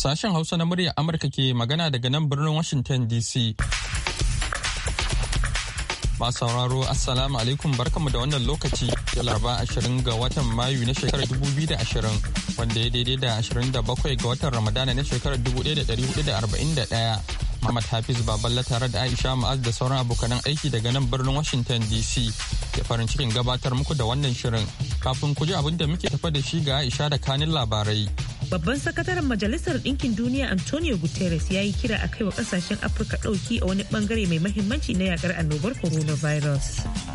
Sashen Hausa na muryar Amurka ke magana daga nan birnin Washington DC. Masu sauraro Assalamu alaikum barkamu da wannan lokaci da laraba 20 ga watan Mayu na shekarar 2020 wanda ya daidai da 27 ga watan Ramadana na shekarar 1441. Muhammad Hafiz Baballa tare da Aisha Ma'az da sauran abokanan aiki daga nan birnin Washington DC ke farin cikin gabatar muku da wannan shirin kafin ku ji abin da muke tafa da shi ga Aisha da kanin labarai. babban sakataren majalisar ɗinkin duniya antonio guterres ya yi kira a kai wa ƙasashen afirka ɗauki a wani ɓangare mai mahimmanci na yakar annobar coronavirus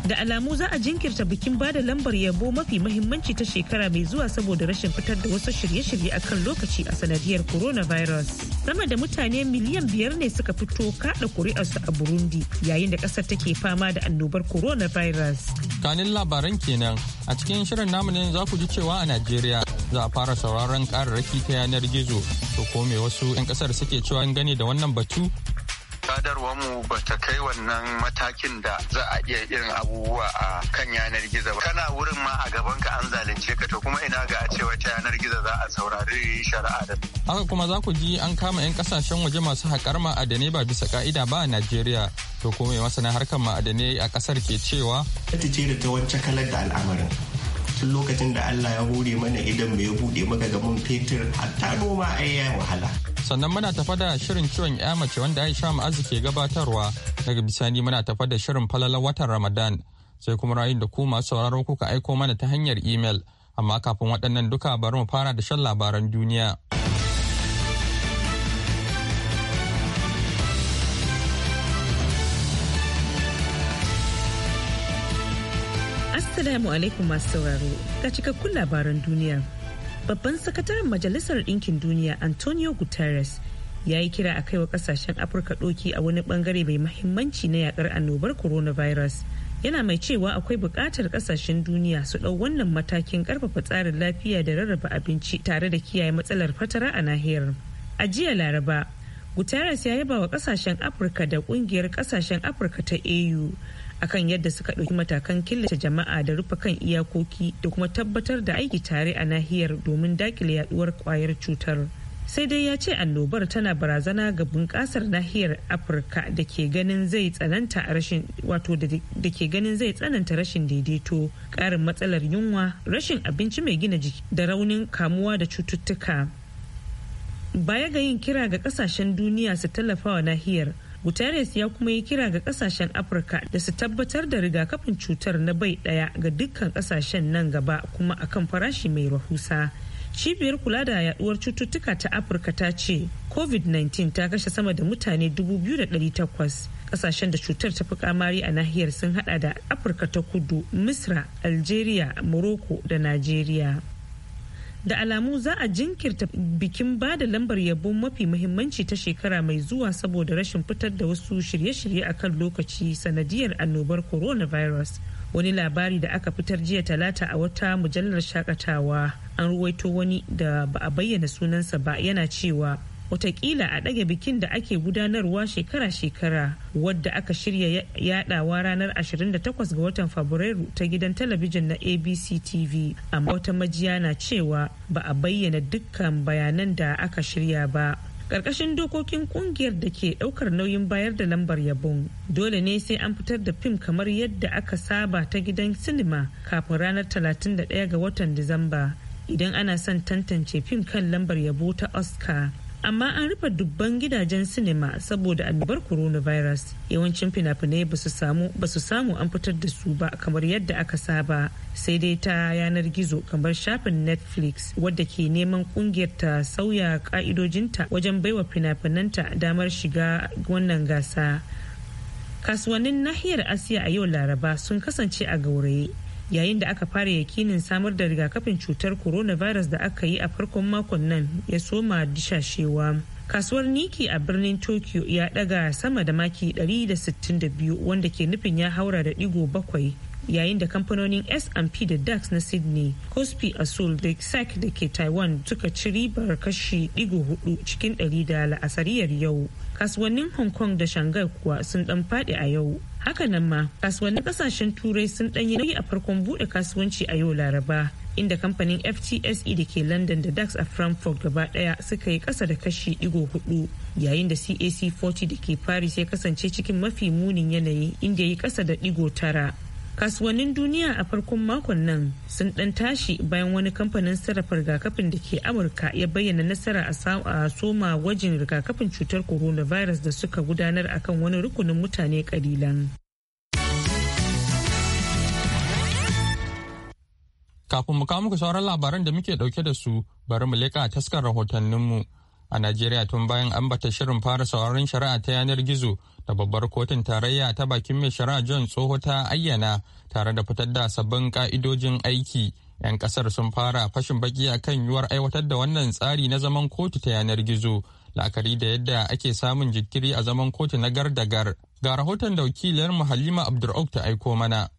da alamu za a jinkirta bikin bada lambar yabo mafi mahimmanci ta shekara mai zuwa saboda rashin fitar da wasu shirye-shirye a kan lokaci a sanadiyar coronavirus sama da mutane miliyan biyar ne suka fito kaɗa kuri'arsu a burundi yayin da ƙasar take fama da annobar coronavirus kanin labaran kenan a cikin shirin namu ne za ku ji cewa a najeriya za a fara sauraron kararraki ta yanar gizo to me wasu 'yan kasar suke cewa gane da wannan batu sadarwarmu ba ta kai wannan matakin da za a iya irin abubuwa a kan yanar gizo ba kana wurin ma a gaban ka an zalunce ka to kuma ina ga a cewa ta yanar gizo za a saurari shari'a da haka kuma za ku ji an kama 'yan kasashen waje masu haƙar ma'adanai ba bisa ka'ida ba a najeriya to kuma masana harkar ma'adanai a ƙasar ke cewa ta ce da ta wancan kalar da al'amarin tun lokacin da Allah ya hore mana idan mai buɗe maka ga mun fetur hatta noma a ya wahala sannan muna tafa da shirin ciwon ya mace wanda Aisha Ma'azu ke gabatarwa daga bisani muna tafa da shirin falalar watan Ramadan sai kuma ra'ayin da ku masu sauraro kuka aiko mana ta hanyar email amma kafin waɗannan duka bari mu fara da shan labaran duniya. Assalamu alaikum masu sauraro ga cikakkun labaran duniya. Babban sakataren Majalisar Ɗinkin Duniya Antonio Guterres ya yi kira a kai wa kasashen Afirka doki a wani bangare mai mahimmanci na yakar annobar coronavirus. Yana mai cewa akwai buƙatar kasashen duniya su ɗau wannan matakin ƙarfafa tsarin lafiya da rarraba abinci tare da kiyaye matsalar fatara a nahiyar. A jiya Laraba, Guterres ya yaba wa kasashen Afirka da ƙungiyar kasashen Afirka ta AU akan yadda suka ɗauki matakan killace jama'a da rufe kan iyakoki da kuma tabbatar da aiki tare a nahiyar domin dakile yaduwar kwayar cutar sai dai ya ce annobar tana barazana ga bunƙasar nahiyar afirka da ke ganin zai tsananta rashin wato da ke ganin zai tsananta rashin daidaito ƙarin matsalar yunwa rashin abinci mai gina jiki da raunin kamuwa da cututtuka baya ga yin kira ga ƙasashen duniya su tallafa wa nahiyar guterres ya kuma yi kira ga kasashen afirka da su tabbatar da rigakafin cutar na bai daya ga dukkan kasashen nan gaba kuma akan farashi mai rahusa cibiyar kula da yaduwar cututtuka ta afirka ta ce covid-19 ta kashe sama da mutane 2,800 kasashen da cutar ta fi kamari a nahiyar sun hada da afirka ta kudu misra algeria morocco da najeriya da alamu za a jinkirta bikin ba da lambar yabo mafi muhimmanci ta shekara mai zuwa saboda rashin fitar da wasu shirye-shirye a kan lokaci sanadiyar annobar coronavirus wani labari da aka fitar jiya talata a wata mujallar shakatawa an ruwaito wani da ba a bayyana sunansa ba yana cewa watakila a ɗage bikin da ake gudanarwa shekara-shekara wadda aka shirya yaɗawa ranar 28 ga watan fabrairu ta gidan talabijin na abc tv amma wata majiya na cewa ba a bayyana dukkan bayanan da aka shirya ba ƙarƙashin dokokin ƙungiyar da ke ɗaukar nauyin bayar da lambar yabon dole ne sai an fitar da fim kamar yadda aka saba ta gidan sinima kafin ranar 31 ga watan disamba idan ana son tantance fim kan lambar yabo ta oscar amma an rufe dubban gidajen sinima saboda annobar coronavirus yawancin fina-finai ba su samu an fitar da su ba kamar yadda aka saba sai dai ta yanar gizo kamar shafin netflix wadda ke neman kungiyar ta sauya ka'idojinta wajen baiwa fina-finanta damar shiga wannan gasa kasuwannin nahiyar asiya a yau laraba sun kasance a gauraye yayin da aka fara yakinin samar da rigakafin cutar coronavirus da aka yi a farkon makon nan ya soma dishashewa. kasuwar niki a birnin tokyo ya daga sama da maki 162 wanda ke nufin ya haura da digo bakwai yayin da kamfanonin S&P da DAX na Sydney, Kospi Asul da SEC da ke Taiwan suka ci ribar kashi digo hudu cikin ɗari da la'asariyar yau. Kasuwannin Hong Kong da Shanghai kuwa sun dan faɗi a yau. haka nan ma kasuwannin kasashen turai sun ɗanyi nauyi a farkon buɗe kasuwanci a yau laraba inda kamfanin ftse da ke london da dax a frankfurt gaba daya suka yi kasa da kashi digo hudu yayin da cac 40 da ke paris ya kasance cikin mafi munin yanayi inda ya yi kasa da digo tara kasuwannin duniya a farkon makon nan sun dan tashi bayan wani kamfanin sarrafa rigakafin da ke amurka ya bayyana nasara a soma gwajin rigakafin cutar coronavirus da suka gudanar akan wani rukunin mutane kalilan kafin mu kawo muku sauran labaran da muke dauke da su bari mu leƙa taskar rahotanninmu a najeriya tun bayan ambata shirin fara sauraron shari'a ta yanar gizo da babbar kotun tarayya ta bakin mai shari'a john tsoho ta ayyana tare da fitar da sabbin ka'idojin aiki 'yan kasar sun fara fashin baki a kan yiwuwar aiwatar da wannan tsari na zaman kotu ta yanar gizo la'akari da yadda ake samun jikiri a zaman kotu na gar da gar ga rahoton da wakiliyar halima abdur'auk ta aiko mana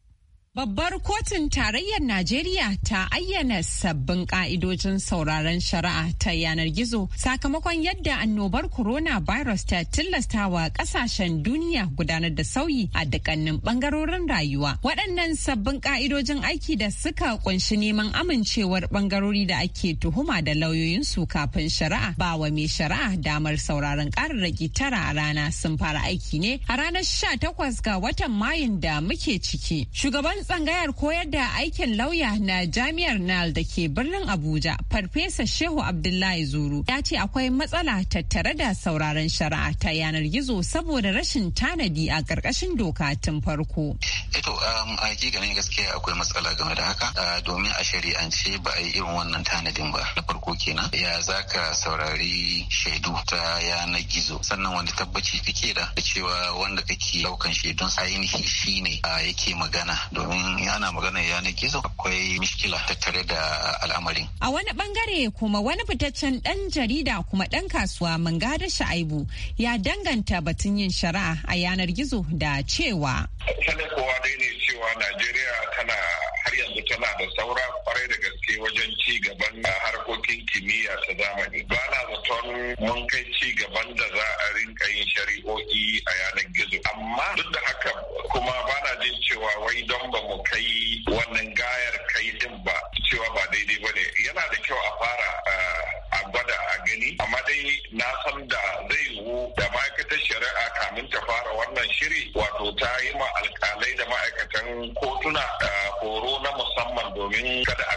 Babbar kotun tarayyar Najeriya ta ayyana sabbin ka'idojin sauraron shari'a ta yanar gizo sakamakon yadda annobar Corona Virus ta tilasta wa kasashen duniya gudanar da sauyi a dukkanin bangarorin rayuwa. Waɗannan sabbin ka'idojin aiki da suka kunshi neman amincewar bangarori da ake tuhuma da lauyoyinsu kafin shari'a ba wa mai shari'a damar sauraron ƙararraki tara a rana sun fara aiki ne a ranar 18 ga watan Mayun da muke ciki. Shugaban tsangayar koyar da aikin lauya na jami'ar nal da ke birnin abuja farfesa shehu abdullahi zuru ya ce akwai matsala tattare da sauraron shari'a ta yanar gizo saboda rashin tanadi a ƙarƙashin doka tun farko eto eh um, a ganin gaskiya akwai matsala game da haka uh, domin a shari'ance ba a yi irin wannan tanadin ba na farko kenan ya zaka saurari shaidu ta yanar gizo sannan wanda tabbaci kake da cewa wanda kake ɗaukan shaidun ainihi shine uh, yake magana domin domin ana maganar yanar gizo akwai mishkila tattare da al'amarin. A wani bangare kuma wani fitaccen ɗan jarida kuma ɗan kasuwa Mangada Sha'aibu ya danganta batun yin shari'a a yanar gizo da cewa. Kada kowa dai ne cewa Najeriya tana har yanzu tana da saura kwarai da gaske wajen ci gaban harkokin kimiyya ta zamani. Ba na zaton mun kai ci gaban da za a rinka yin shari'o'i a yanar gizo. Amma duk da haka kuma ba na jin cewa wai don ba mu kai wannan gayar kai din ba cewa ba daidai ba ne yana da kyau a fara eh, a gwada a gani amma dai na san da zai yiwu da ma'aikatar shari'a kamin ta fara wannan shiri wato ta yi ma alkalai da ma'aikatan kotuna eh, horo na musamman domin kada a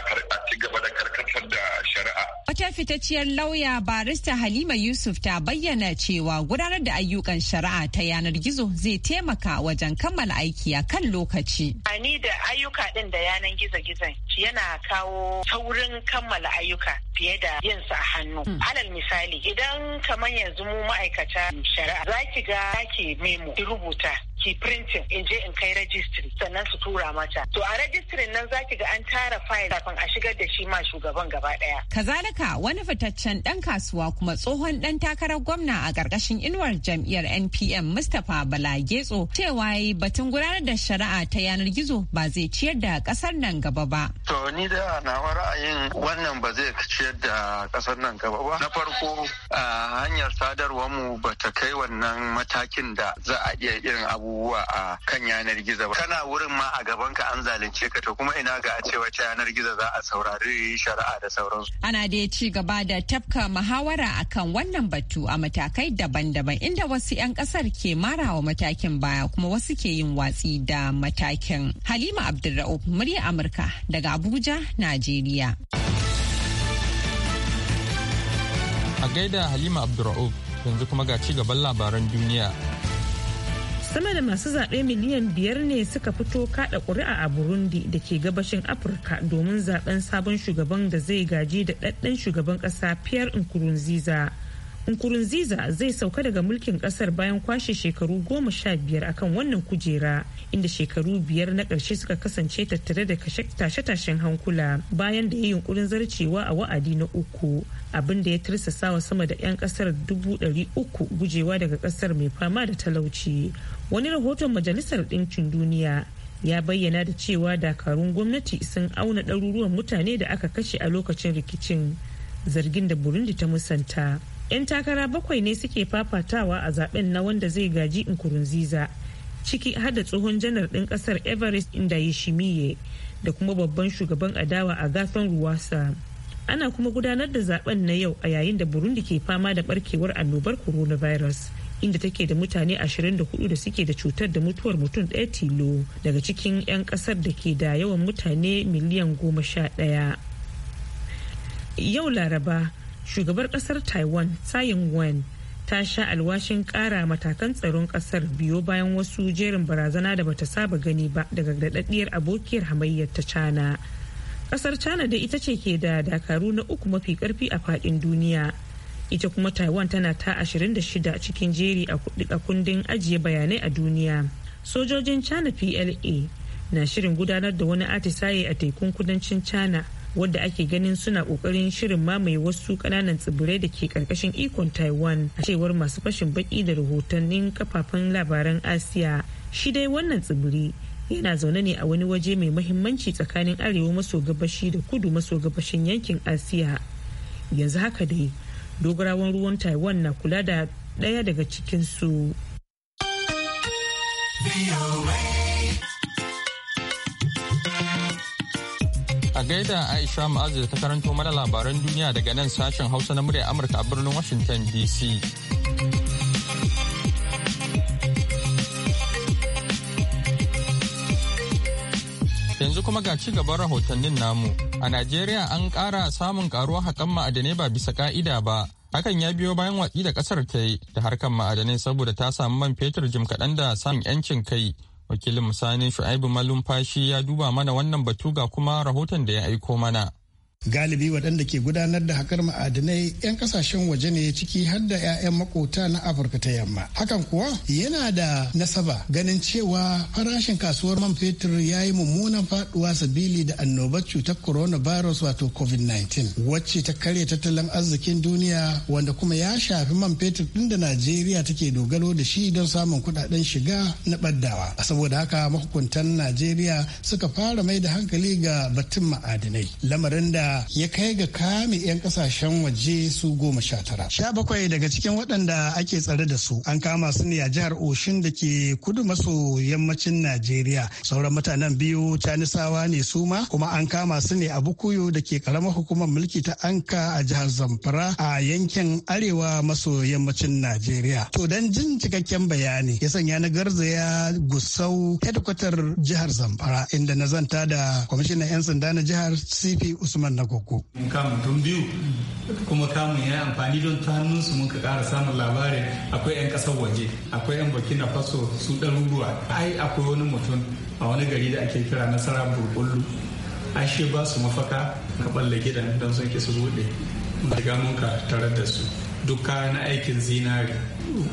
fitacciyar lauya barista Halima Yusuf ta bayyana cewa gudanar da ayyukan shari'a ta yanar gizo zai taimaka wajen kammala aiki a kan lokaci. Ani da ayyuka ɗin da yanar gizo-gizon yana kawo saurin kammala ayyuka fiye da yin su a hannu. Hmm. Alal misali idan kamar yanzu mu ma'aikata shari'a za ki ga ki memo ki rubuta ki printing in je in kai registry sannan su tura mata to a registry nan zaki ga an tara file kafin a shigar da shi ma shugaban gaba daya kazalika wani fitaccen dan kasuwa kuma tsohon dan takarar gwamna a karkashin inuwar jam'iyyar NPM Mustapha Balagetso cewa yi batun gudanar da shari'a ta yanar gizo ba zai ciyar da kasar nan gaba ba to ni da nawa ra'ayin wannan ba zai ciyar da kasar nan gaba ba na farko hanyar sadarwar mu ba ta kai wannan matakin da za a iya irin abu abubuwa a kan yanar gizo ba kana wurin ma a gaban ka an zalunce ka to kuma ina ga a cewa ta yanar gizo za a saurari shari'a da sauransu ana dai ci gaba da tafka muhawara akan wannan batu a matakai daban-daban inda wasu 'yan kasar ke marawa matakin baya kuma wasu ke yin watsi da matakin halima abdulra'uf murya amurka daga abuja najeriya a gaida halima abdulra'uf yanzu kuma ga ci gaban labaran duniya sama da masu zaɓe miliyan biyar ne suka fito kaɗa ƙuri'a a burundi da ke gabashin afirka domin zaɓen sabon shugaban da zai gaji da ɗaɗɗen shugaban ƙasa pierre nkurunziza Nkurunziza zai sauka daga mulkin kasar bayan kwashe shekaru goma sha biyar akan wannan kujera inda shekaru biyar na ƙarshe suka kasance tattare da tashe-tashen hankula bayan da ya yi yunkurin zarcewa a wa'adi na uku abin da ya wa sama da 'yan kasar dubu ɗari uku gujewa daga kasar mai fama da talauci wani rahoton majalisar ɗinkin duniya ya bayyana da cewa dakarun gwamnati sun auna ɗaruruwan mutane da aka kashe a lokacin rikicin zargin da burundi ta musanta 'yan takara bakwai ne suke fafatawa a zaben na wanda zai gaji nkurunziza ciki hada tsohon janar din kasar everest inda shimiye da kuma babban shugaban adawa a gafan ruwasa ana kuma gudanar da zaben na yau a yayin da burundi ke fama da barkewar annobar coronavirus inda take da mutane 24 da suke da cutar da mutuwar mutum daya tilo daga cikin 'yan kasar da ke da yawan mutane miliyan goma sha ɗaya yau laraba shugabar kasar taiwan tsayin wen ta sha alwashin kara matakan tsaron kasar biyo bayan wasu jerin barazana da bata saba gani ba daga daɗaɗɗiyar abokiyar hamayyar ta cana kasar cana da ita ce ke da dakaru na uku mafi karfi a fadin duniya ita kuma taiwan tana ta 26 cikin jeri a kundin ajiye bayanai a duniya sojojin china pla na shirin gudanar da wani atisaye a tekun kudancin china wadda ake ganin suna kokarin shirin mamaye wasu kananan tsibirai da ke karkashin ikon taiwan a cewar masu fashin baki da rahotannin kafafen labaran asiya shi dai wannan tsibiri yana zaune ne a wani waje mai mahimmanci tsakanin arewa maso gabashi da kudu maso gabashin yankin asiya yanzu haka dai dogarawan ruwan taiwan na kula da ɗaya daga cikinsu. su gaida Aisha Ma'azu ta karanto mana labaran duniya daga nan sashen Hausa na murya Amurka a birnin Washington DC. Yanzu kuma ga ci gaban rahotannin namu. A Najeriya an ƙara samun ƙaruwar haƙan ma'adanai ba bisa ka'ida ba. Hakan ya biyo bayan watsi da ƙasar ta yi da harkar ma'adanai saboda ta samu man fetur jim kaɗan da samun 'yancin kai. wakilin musani shu'aibu malumfashi ya duba mana wannan batu ga kuma rahoton da ya aiko mana galibi waɗanda ke gudanar da haƙar ma'adinai 'yan ƙasashen waje ne ciki har da 'ya'yan makota na afirka ta yamma hakan kuwa yana da nasaba ganin cewa farashin kasuwar man fetur ya yi mummunan faɗuwa sabili da annobar cutar coronavirus wato covid-19 wacce ta karya tattalin arzikin duniya wanda kuma ya shafi man fetur ɗin da najeriya take dogaro da shi don samun kuɗaɗen shiga na ɓaddawa saboda haka mahukuntan najeriya suka fara mai da hankali ga batun ma'adinai lamarin da ya kai ga kame 'yan kasashen waje su goma sha tara. Sha bakwai daga cikin waɗanda ake tsare da su an kama su ne a jihar Oshin da ke kudu maso yammacin Najeriya. Sauran mutanen biyu Canisawa ne su ma kuma an kama su ne a Bukuyu da ke karamar hukumar mulki ta Anka a jihar Zamfara a yankin arewa maso yammacin Najeriya. To dan jin cikakken bayani ya sanya na garzaya gusau hedkwatar jihar Zamfara inda na zanta da kwamishinan 'yan sanda na jihar CP Usman na koko. Mun kama mutum biyu kuma kamun ya amfani don ta hannunsu mun ka kara samun labarin akwai 'yan kasar waje akwai 'yan burkina faso su ɗaruruwa ai akwai wani mutum a wani gari da ake kira nasara burkullu ashe ba su mafaka ka balle gidan don sun ki su buɗe mun ka tarar da su duk kayan aikin zinari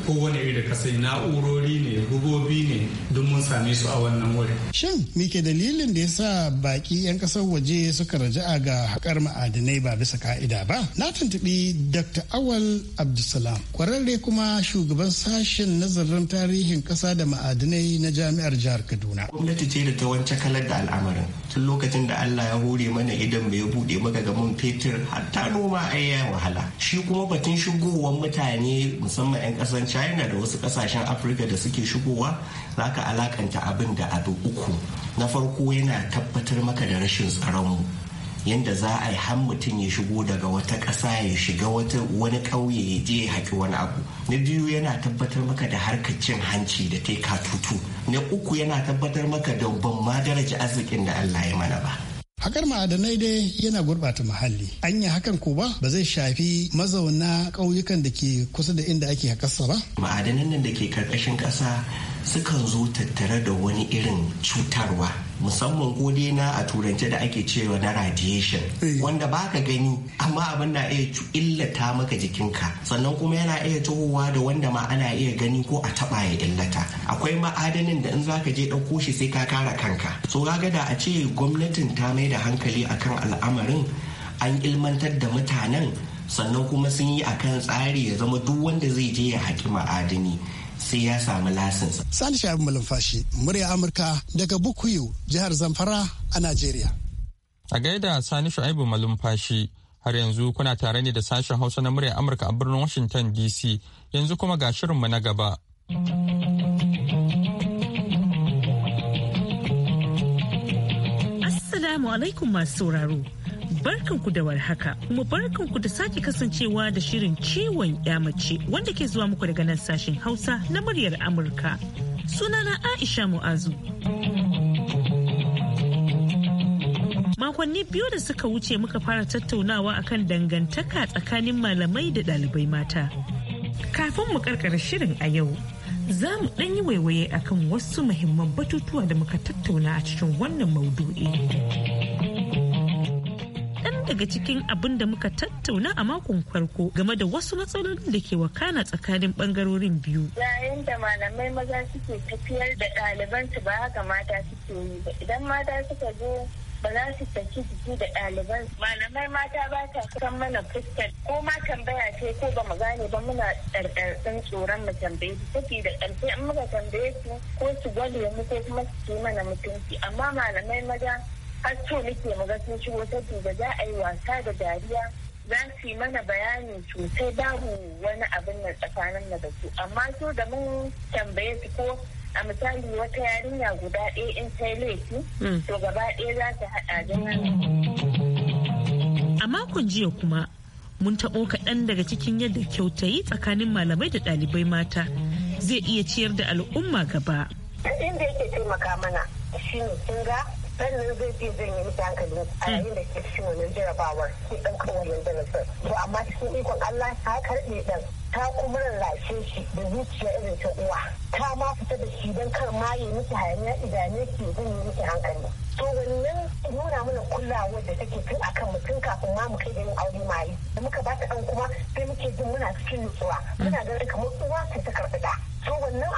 kowane iri da kasai na'urori ne rubobi ne duk mun same su a wannan wuri. shin me ke dalilin da ya sa baki 'yan kasar waje suka raja'a ga haƙar ma'adinai ba bisa ka'ida ba na tuntuɓi dr awal abdulsalam kwararre kuma shugaban sashen nazarin tarihin ƙasa da ma'adinai na jami'ar jihar kaduna gwamnati ce da ta wance kalar da al'amarin tun lokacin da allah ya hore mana idan bai buɗe maka ga mun fetur hatta noma ai ya wahala shi kuma batun shigowar mutane musamman 'yan kasan china da wasu kasashen afirka da suke shigowa za ka alakanta abin da abu uku na farko yana tabbatar maka da rashin tsaronmu yadda za a yi har mutum ya shigo daga wata ƙasa ya shiga wani ƙauye ya je ya haƙi wani abu na biyu yana tabbatar maka da harkar cin hanci da ta katutu na uku yana tabbatar maka da ban ma daraja arzikin da allah ya mana ba Hakar ma'adanai dai yana gurɓata muhalli. An yi hakan ko ba ba zai shafi mazauna ƙauyukan da ke kusa da inda ake ƙasa ba? Ma'adanan nan da ke karkashin ƙasa sukan zo tattare da wani irin cutarwa. musamman ko daina na a turance da ake cewa na radiation eh. wanda baka gani amma abin na iya illata maka jikinka sannan kuma yana iya tohowa da wanda ma ana iya gani ko a taba ya illata akwai ma'adanin da in zaka je ɗauko shi sai ka kara kanka so gada da a ce gwamnatin ta mai da hankali akan al'amarin an ilmantar da mutanen sannan kuma sun yi akan tsari ya zama duk wanda zai je ya haƙi ma'adani sai ya samu lasinsa. Sani Sha'ibu Malumfashi, murya Amurka daga Bukuyu, jihar Zamfara a Najeriya. A gaida Sani Sha'ibu Malumfashi, har yanzu kuna tare ne da sashen Hausa na murya Amurka a birnin Washington DC, yanzu kuma ga shirinmu na gaba. Assalamu alaikum masu sauraro. barkanku da warhaka kuma barkanku da sake kasancewa da shirin ciwon mace wanda ke zuwa muku daga nan sashen Hausa na muryar Amurka. Sunana Aisha Mu'azu. makonni biyu da suka wuce muka fara tattaunawa akan dangantaka tsakanin malamai da ɗalibai mata kafin mu karkara shirin a yau za mu ɗan yi waiwaye akan wasu muhimman batutuwa da muka tattauna a cikin wannan maudu'i. daga cikin abin da muka tattauna a makon farko game da wasu matsalolin da ke wakana tsakanin bangarorin biyu. Yayin da malamai maza suke tafiyar da ɗalibansu ba haka mata suke yi ba. Idan mata suka zo ba za su tafi jiki da ɗaliban malamai mata ba ta kusan mana fuskar ko ma tambaya ce ko ba mu gane ba muna ɗarɗarɗin tsoron mu tambaye su take da ƙarfi an muka tambaye su ko su gwale mu ko kuma su mana mutunci amma malamai maza har so muke muga sun ci wata duba za a yi wasa da dariya za su yi mana bayani sosai babu wani abin na tsakanin na da su amma so da mun tambaye su ko a misali wata yarinya guda ɗaya in sai laifi hmm. to gaba ɗaya za ta haɗa da a makon jiya kuma mun taɓo kaɗan daga cikin yadda kyautayi tsakanin malamai da ɗalibai mata zai iya ciyar da al'umma gaba. Inda yake taimaka mana shi ne kinga sannan zai iya janye miki hankali a yayin da ke cikin wannan jarabawar ki dan kawai yanzu na to amma cikin ikon Allah ta karɓe dan ta kuma rarrashe shi da zuciya irin ta uwa ta ma fita da shi don kar ma yi miki hayaniya idane ki yi miki hankali to wannan nuna mana kulawar da take tun akan mutum kafin ma mu kai da yin aure ma yi da muka ba ta dan kuma sai muke jin muna cikin nutsuwa muna ganin kamar uwa sai ta karɓi da to wannan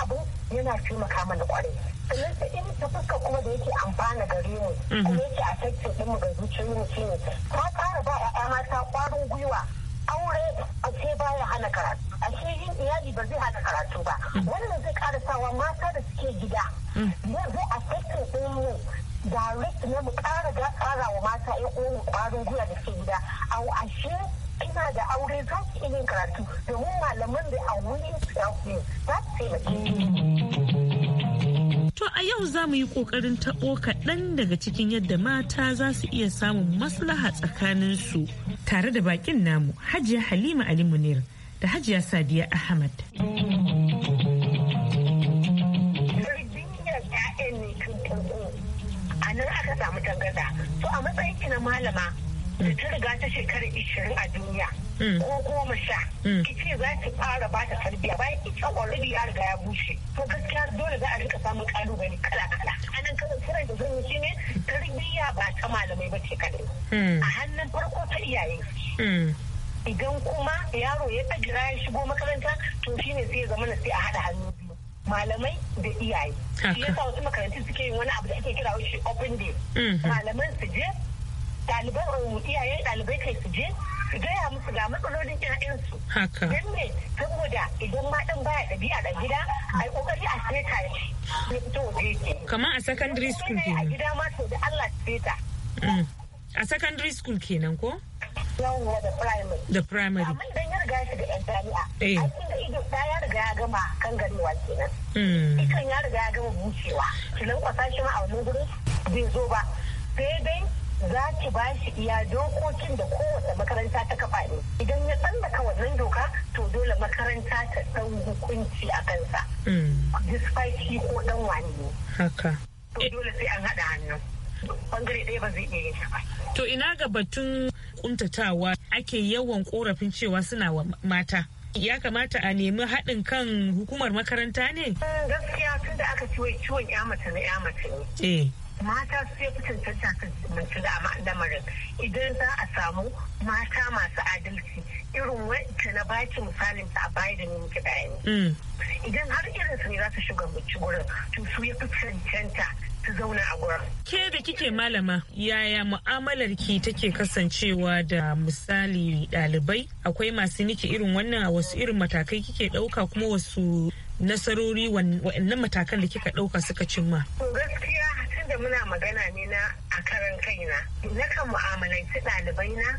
yana taimaka mana kwarai sannan ta in ta fuska kuma da yake amfana gare mu mhm. kuma yake a sake din mu ga zuciyoyin mu shine ta ƙara ba ƴaƴa mata kwarin gwiwa aure a ce baya hana karatu a ce yin iyali ba zai hana karatu ba mhm. wannan zai ƙara sawa mata da suke gida mhm. zai a sake din mu direct ne mu ƙara da ƙara wa mata ƴan uwan kwarin gwiwa da suke gida a ashe kina da aure za ki karatu domin malaman da a wurin su To a yau za mu yi ƙoƙarin taɓo kaɗan daga cikin yadda mata za su iya samun maslaha tsakaninsu tare da bakin namu Hajiya Halima Ali Munir da Hajiya Sadiya Ahmad. A samu tangarda, to a matsayin na malama da ta riga ta shekaru 20 a duniya. Mm. ko goma sha mm. ki ce za ki fara ba ta tarbiya bayan ita already ya riga ya bushe Ko gaskiya dole za a rika samun kalubale kala kala anan kan kiran da zan shi ne tarbiyya ba ta malamai ba ce kadai mm. a hannun farko ta iyaye idan kuma yaro ya tsagira ya shigo makaranta to shine sai ya zama na sai a haɗa hannu biyu malamai da iyaye shi yasa wasu makarantu suke yin wani abu da ake kira shi open day mm-hmm. malaman su je ɗaliban um, iyayen ɗalibai kai su je su gaya musu ga matsalolin ƴaƴansu. Haka. Don me saboda idan ma ɗan baya ɗabi'a da gida a yi ƙoƙari a seta ya fito waje yake. Kamar a secondary school kenan. A gida ma to da Allah seta. Mm. A secondary school kenan ko? Yawwa da primary. Da primary. Amma idan ya riga shi da ƴan jami'a. Eh. Aikin da ido ta ya riga ya gama kan garewa kenan. Mm. Ikan ya riga ya gama bushewa. Ki lankwasa shi ma a wannan gurin bai zo ba. Sai dai za ki ba shi iya dokokin da kowace makaranta ta kafa ne idan ya tsallaka wannan doka to dole makaranta ta san hukunci a kansa mm. despite shi ko ɗan wani ne haka to dole sai an haɗa hannu bangare ɗaya ba zai iya yin ba to ina ga batun kuntatawa ake yawan korafin cewa suna wa mata ya kamata a nemi haɗin kan hukumar makaranta ne? Mm, gaskiya tun da aka ciwon ciwon ya mace na ya mace ne eh. mata su ya fi cancanta mace da lamarin idan za a samu mata masu adalci irin wacce na baki misalin ta a baya da miki bayani mm. idan har irin su ne za su shugabanci wurin to su ya fi cancanta ta zauna a gurin. Ke da kike malama yaya mu'amalar ki take kasancewa da misali ɗalibai akwai masu niki irin wannan a wasu irin matakai kike ɗauka kuma wasu nasarori wannan matakan da kika ɗauka suka cimma. Gaskiya muna magana ne na a karan kaina nakan mu'amalanci ɗalibai na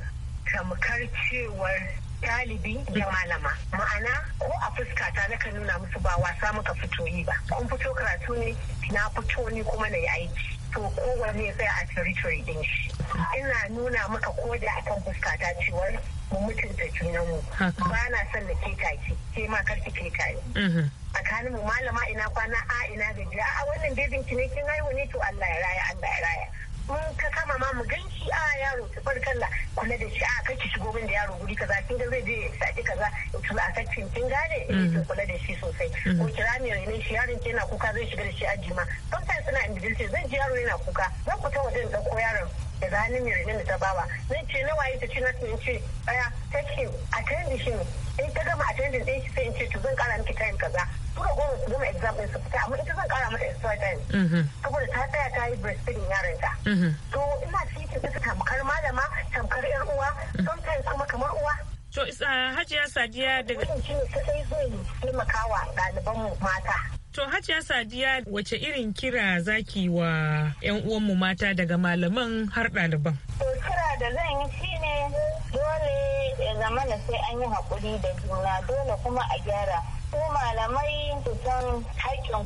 tamkar cewar ɗalibi da malama ma'ana ko a fuskata na kan nuna musu ba wasa muka fito yi ba kun fito karatu ne na fito ni kuma na yi aiki to ya tsaya a tsari din shi ina nuna maka koda akan fuskata cewar mu mutunta junanmu ba na son na keta ki ke ma karki ki keta mhm. tsakanin mu malama ina kwana a ina gajiya a wannan bebin ki ne kin haihu ne to Allah ya raya Allah ya raya mun ka kama ma mu ganki a yaro ki barkalla kula da shi a kai ki shigo min da yaro guri kaza kin ga zai je ya saki kaza to a sakin kin gane ina eh, mhm. to kula da shi sosai mhm. ko kira mai rainin shi yaron ki yana kuka zai shiga da shi aji ma sometimes suna individual zan ji yaro yana kuka zan fita wajen ɗauko yaron da rani mai rene mai tabawa ni ce na waye ta ce na tun ce a take attending shi in ta gama attending din shi sai in ce to zan kara miki tayin kaza suka goma su gama exam din su fita amma ita zan kara mata extra time mm-hmm. saboda ta tsaya ta yi breastfeeding yaran ta mm-hmm. to ina cikin ta tamkar malama tamkar yar uwa mm-hmm. sometimes kuma kamar uwa to uh, hajiya sadiya daga shi ne sai zai taimakawa ɗaliban mata To Hajiya Sadiya wace irin kira zaki wa 'yan uwanmu mata daga malaman har ɗaliban? To kira da zan yi ne dole ya zama sai an yi haƙuri da juna dole kuma a gyara malamai ku san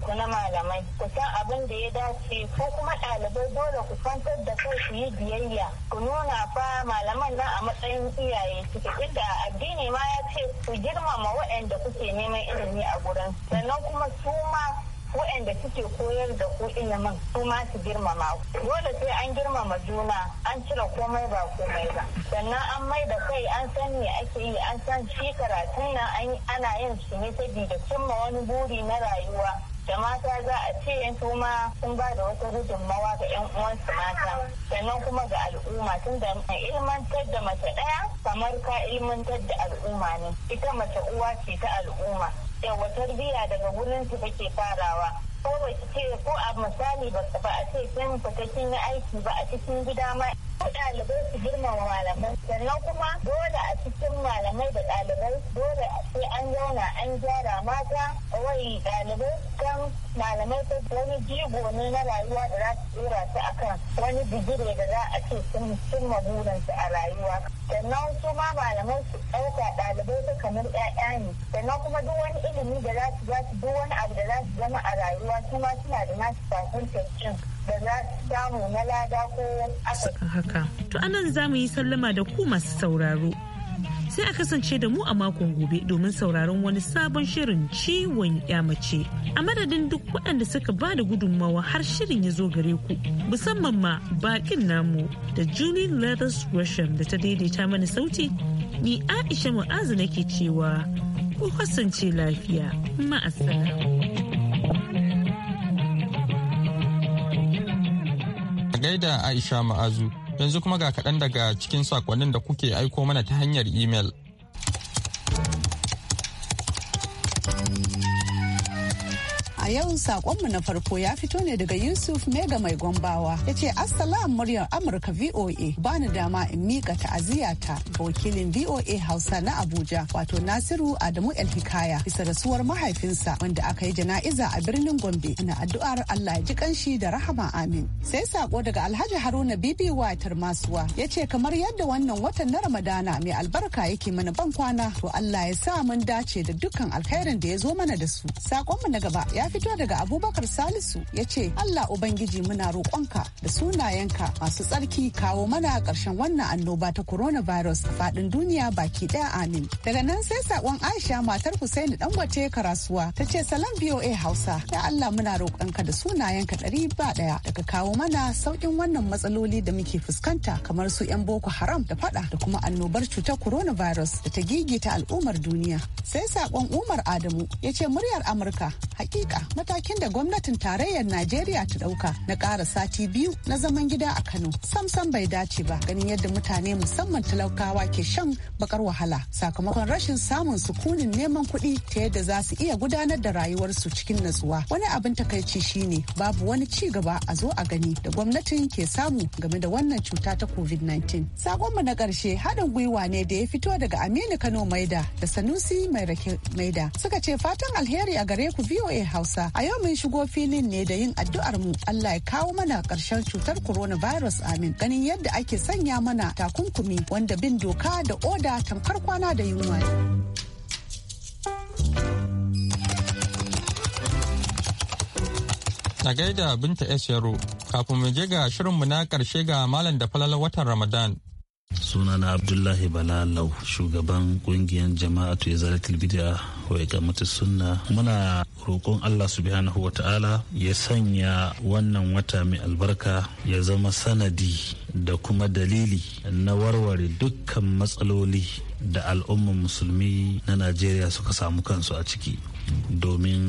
ku na malamai ku san abin da ya dace ko kuma ɗalibai dole ku kwantar da kai su yi biyayya ku nuna fa malaman nan a matsayin iyaye suke inda addini ma ya ce ku girmama waɗanda kuke neman ilimi a gurin sannan kuma su ma waɗanda suke koyar da ku ilimin su ma su girmama ku dole sai an girmama juna an cire komai ba komai ba sannan an mai da kai an san me ake yi an san shi karatu nan ana yin su ne saboda cimma wani buri na rayuwa da mata za a ce yan ma sun ba da wata gudunmawa ga yan uwansu mata sannan kuma ga al'umma tun da ilmantar da mace ɗaya kamar ka ilmantar da al'umma ne ita mace uwa ce ta al'umma yawa tarbiyya daga wurin su take farawa ko ba ce ko a misali ba a ce kin fita kin yi aiki ba a cikin gida ma ɗalibai su girmama malamai sannan kuma dole a cikin malamai da ɗalibai dole sai an zauna an gyara mata wai ɗalibai kan malamai ta wani jigo ne na rayuwa da za su tsira su akan wani digire da za a ce sun cimma burinsu a rayuwa sannan su ma malamai su ɗauka ɗalibai ta kamar ƴaƴa ne sannan kuma duk wani ilimi da za su za su duk wani abu da za su zama a rayuwa su ma suna da nasu fahimtar cin da na samu na lada ko aka haka to anan za mu yi sallama da ku masu sauraro sai a kasance da mu a makon gobe domin sauraron wani sabon shirin ciwon mace a madadin duk waɗanda suka ba da gudunmawa har shirin ya zo gare ku musamman ma bakin namu da julie leathers gresham da ta daidaita mana sauti ni aisha mu'azu nake cewa ku kasance lafiya ma'asala. gaida Aisha Ma'azu yanzu kuma ga kaɗan daga cikin sakonnin da kuke aiko mana ta hanyar imel. a yau sakonmu na farko ya fito ne daga Yusuf Mega mai gombawa. Ya ce Assalam muryar Amurka VOA bani dama in mika ta'aziyata ga wakilin VOA Hausa na Abuja wato Nasiru Adamu El Hikaya bisa rasuwar mahaifinsa wanda aka yi jana'iza a birnin Gombe. Ana addu'ar Allah ya ji kanshi da rahama amin. Sai sako daga Alhaji Haruna Bibi Watar Masuwa ya ce kamar yadda wannan watan na Ramadana mai albarka yake mana ban kwana to Allah ya sa mun dace da dukkan alkhairin da ya zo mana da su. Sakonmu na gaba ya fi fito daga Abubakar Salisu ya ce, Allah Ubangiji muna roƙonka da sunayenka masu tsarki kawo mana ƙarshen wannan annoba ta coronavirus a faɗin duniya baki ɗaya amin. Daga nan sai saƙon Aisha matar Husaini Dangote Karasuwa ta ce salam VOA Hausa ya Allah muna roƙonka da sunayenka ɗari ba ɗaya daga kawo mana sauƙin wannan matsaloli da muke fuskanta kamar su 'yan Boko Haram da faɗa da kuma annobar cutar coronavirus da ta gigita al'ummar duniya. Sai saƙon Umar Adamu ya ce muryar Amurka hakika matakin da gwamnatin tarayyar Najeriya ta dauka na ƙara sati biyu na zaman gida a Kano samsam bai dace ba ganin yadda mutane musamman talaukawa ke shan bakar wahala sakamakon rashin samun sukunin neman kuɗi ta yadda za su iya gudanar da rayuwarsu cikin natsuwa. Wani abin takaici shine babu wani ci gaba a zo a gani da gwamnatin ke samu game da wannan cuta ta COVID-19. Sakonmu na ƙarshe haɗin gwiwa ne da ya fito daga Aminu Kano Maida da Sanusi Mai Maida suka ce fatan alheri a gare ku VOA Hausa. A yau mun shigo filin ne da yin addu'ar mu Allah ya kawo mana ƙarshen cutar coronavirus amin. Ganin yadda ake sanya mana takunkumi wanda bin doka da oda tamkar kwana da yunwa. A gaida Binta S. Yaro, kafin mu je ga shirinmu na ƙarshe ga Malam da falalar watan Ramadan. sunana abdullahi balalau shugaban kungiyar jama'atu ya zara tilbidiya wai ikamata sunna muna roƙon allah subhanahu wa ta'ala ya sanya wannan wata mai albarka ya zama sanadi da kuma dalili na warware dukkan matsaloli da al'umman musulmi na najeriya suka samu kansu a ciki domin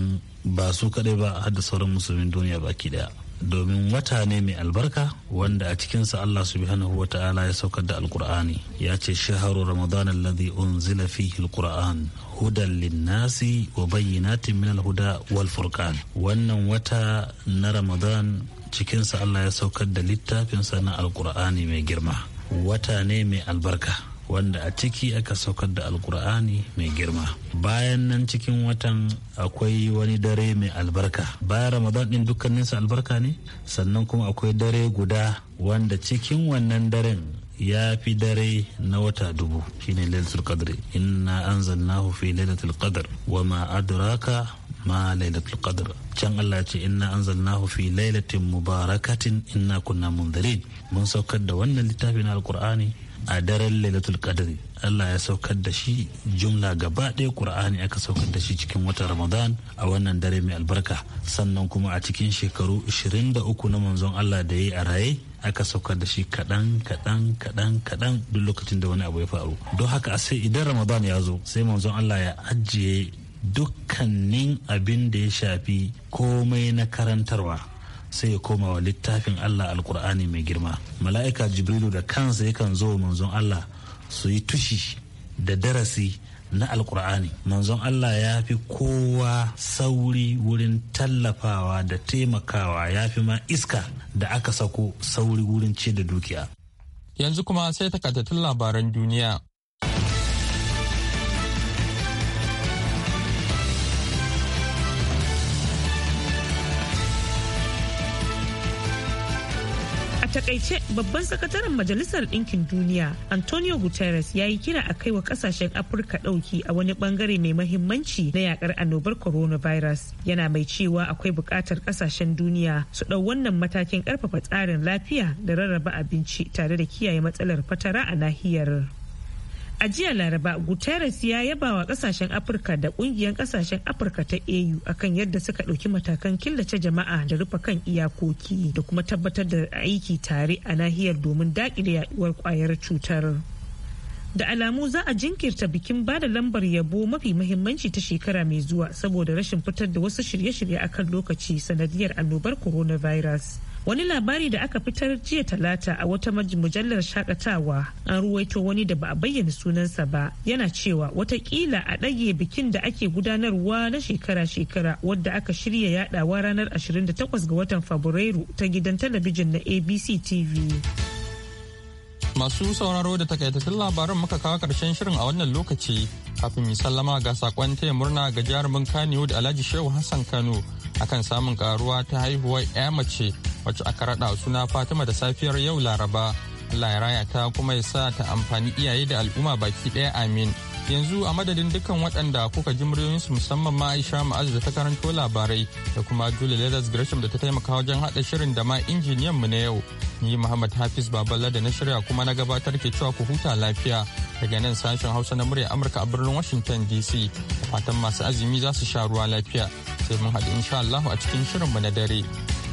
ba su kaɗai ba a haddasa sauran musulmin duniya baki ɗaya. domin wata ne mai albarka wanda a cikinsa Allah subhanahu wa ta'ala ya saukar da alkur'ani ya ce shaharu ramadan alladhi unzila fihi alquran hudan linnasi wa bayyinatin min alhuda wal furqan wannan wata na ramadan cikinsa Allah ya saukar da littafinsa na alkur'ani mai girma wata ne mai albarka wanda a ciki aka saukar da alkur'ani mai girma bayan nan cikin watan akwai wani dare mai albarka bayan ramadan din dukkaninsa albarka ne sannan kuma akwai dare guda wanda cikin wannan daren ya fi dare na wata dubu shine lailatul qadr inna anzalnahu fi lailatul qadr wa ma adraka ma lailatul qadr can Allah ce inna anzalnahu fi lailatin mubarakatin inna kunna munzirin mun saukar da wannan littafin alqur'ani a daren lailatul qadri Allah ya saukar da shi jumla gaba ɗaya Qur'ani aka saukar da shi cikin watan Ramadan a wannan dare mai albarka sannan kuma a cikin shekaru 23 na manzon Allah da yayi a raye aka saukar da shi kaɗan kaɗan kaɗan kaɗan duk lokacin da wani abu ya faru don haka a sai idan Ramadan ya zo sai manzon Allah ya ajiye dukkanin abin da ya shafi komai na karantarwa sai ya koma wa littafin Allah alkur'ani mai girma mala'ika jibrilu da kansa yakan zo manzon Allah su yi tushi da darasi na alkur'ani manzon Allah ya fi kowa sauri wurin tallafawa da taimakawa ya fi ma iska da aka sako sauri wurin ce da dukiya yanzu kuma sai takatattun labaran duniya A takaice babban sakataren Majalisar Ɗinkin Duniya Antonio Guterres ya yi kira a kaiwa kasashen Afirka ɗauki a wani bangare mai mahimmanci na yakar annobar coronavirus. Yana mai cewa akwai buƙatar kasashen duniya su ɗau wannan matakin ƙarfafa tsarin lafiya da rarraba abinci tare da kiyaye matsalar fatara a nahiyar. A jiya Laraba, Guterres ya yaba wa kasashen Afirka da kungiyar kasashen Afirka ta AU akan yadda suka dauki matakan killace jama'a da rufe kan iyakoki da kuma tabbatar da aiki tare a nahiyar domin daƙile yaduwar kwayar cutar. Da alamu za a jinkirta bikin ba da lambar yabo mafi mahimmanci ta shekara mai zuwa saboda rashin fitar da wasu shirye-shirye akan lokaci sanadiyar annobar coronavirus. wani labari da aka fitar jiya talata a wata mujallar shakatawa an ruwaito wani da ba a bayyana sunansa ba yana cewa watakila a ɗage bikin da ake gudanarwa na shekara-shekara wadda aka shirya yadawa ranar 28 ga watan fabrairu ta gidan talabijin na abc tv masu sauraro da takaitattun labaran muka kawo karshen shirin a wannan lokaci kafin sallama ga sakon taya murna ga jarumin da alhaji shehu hassan kano akan samun karuwa ta haihuwar 'ya mace wacce aka raɗa suna fatima da safiyar yau laraba allah ya raya ta kuma ya sa ta amfani iyaye da al'umma baki ɗaya amin yanzu a madadin dukkan waɗanda kuka ji su musamman ma aisha ma'azu da ta karanto labarai da kuma julie leathers gresham da ta taimaka wajen haɗa shirin da ma injiniyan mu na yau ni muhammad hafiz baballa da na shirya kuma na gabatar ke cewa ku huta lafiya daga nan sashen hausa na murya amurka a birnin washington dc fatan masu azumi za su sha ruwa lafiya sai mun haɗu insha allahu a cikin shirin mu na dare.